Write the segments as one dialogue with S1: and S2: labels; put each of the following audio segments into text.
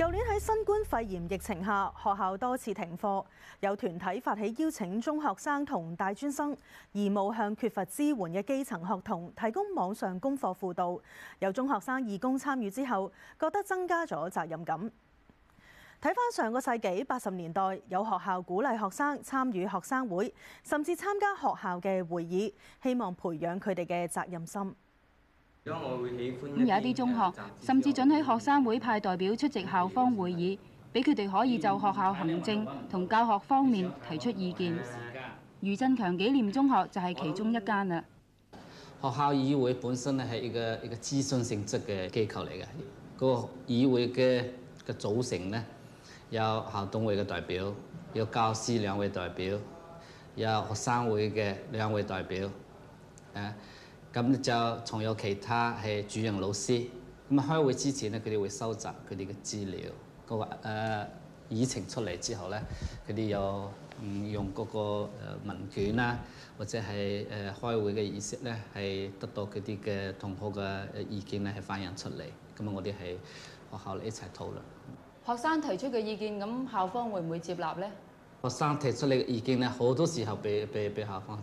S1: 去年喺新冠肺炎疫情下，學校多次停課，有團體發起邀請中學生同大專生義務向缺乏支援嘅基層學童提供網上功課輔導。有中學生義工參與之後，覺得增加咗責任感。睇翻上個世紀八十年代，有學校鼓勵學生參與學生會，甚至參加學校嘅會議，希望培養佢哋嘅責任心。
S2: 咁有一啲中學
S1: 甚至准許學生會
S3: 派代表出席校方會議，俾佢哋可以就學校行政同教學方面提出意見。余振強紀念中學就係其中一間啦。
S4: 學校議會本身咧係一個一個諮詢性質嘅機構嚟嘅，個議會嘅嘅組成呢，有校董會嘅代表，有教師兩位代表，有學生會嘅兩位代表，誒。咁就仲有其他系主任老師，咁啊開會之前咧，佢哋會收集佢哋嘅資料，個誒議程出嚟之後咧，佢哋又唔用嗰個誒問卷啊，或者係誒開會嘅意識咧，係得到佢啲嘅同學嘅意見咧，係反映出嚟，咁啊我哋係學校嚟一齊討論
S3: 學生提出嘅意見，咁校方會唔會接納咧？
S4: 學生提出嚟嘅意見咧，好多時候被被被校方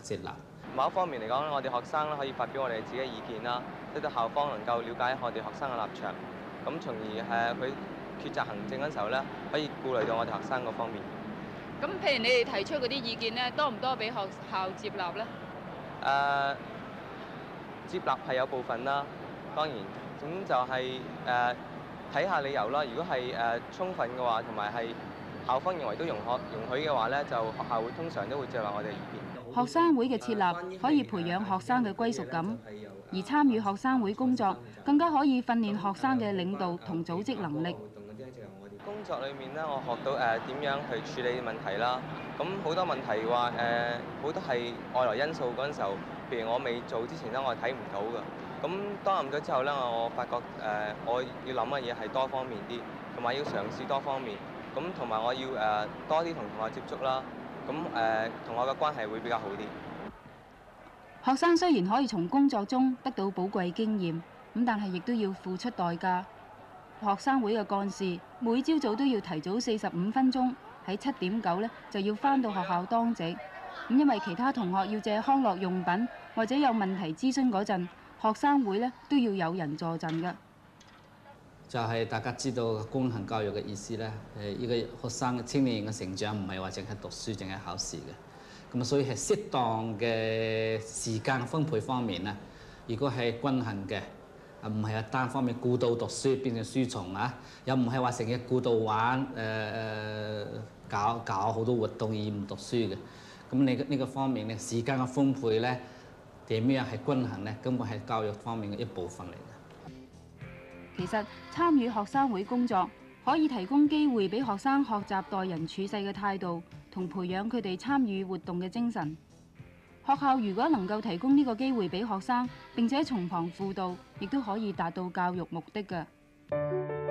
S4: 誒接納。某一方面嚟講，我哋學
S2: 生咧可以發表我哋自己嘅意見啦，令到校方能夠了解我哋學生嘅立場，咁從而誒佢抉擇行政嘅時候咧，可以顧慮到我哋學生嗰方面。
S4: 咁
S3: 譬如你哋提出嗰啲意見咧，多唔多俾學校接納咧？
S2: 誒、呃，接納係有部分啦，當然，咁就係誒睇下理由啦。如果係誒充分嘅話，同埋係，校方認為都容可容許嘅話咧，就學校會通常都會接納我哋意見。
S3: 學生會嘅設立可以培養學生嘅歸屬感，而參與學生會工作更加可以訓練學生嘅領導同組織能力。
S2: 工作裡面咧，我學到誒點樣去處理問題啦。咁好多問題話誒，好多係外來因素嗰陣時候，譬如我未做之前咧，我係睇唔到㗎。咁擔任咗之後咧，我發覺誒我要諗嘅嘢係多方面啲，同埋要嘗試多方面。咁同埋我要多啲同同學接觸啦，咁、呃、同學嘅關係會比較好啲。
S3: 學生雖然可以從工作中得到寶貴經驗，咁但係亦都要付出代價。學生會嘅幹事每朝早都要提早四十五分鐘，喺七點九咧就要翻到學校當值。咁因為其他同學要借康樂用品或者有問題諮詢嗰陣，學生會咧都要有人助陣嘅。
S4: 就係、是、大家知道均衡教育嘅意思咧，誒呢個學生嘅青年嘅成長唔係話淨係讀書淨係考試嘅，咁啊所以係適當嘅時間分配方面咧，如果係均衡嘅，啊唔係啊單方面孤獨讀書變成書蟲啊，又唔係話成日孤獨玩誒誒、呃、搞搞好多活動而唔讀書嘅，咁你呢個方面咧時間嘅分配咧點樣係均衡咧，根本係教育方面嘅一部分嚟嘅。
S3: 其實參與學生會工作可以提供機會俾學生學習待人處世嘅態度，同培養佢哋參與活動嘅精神。學校如果能夠提供呢個機會俾學生，並且從旁輔導，亦都可以達到教育目的㗎。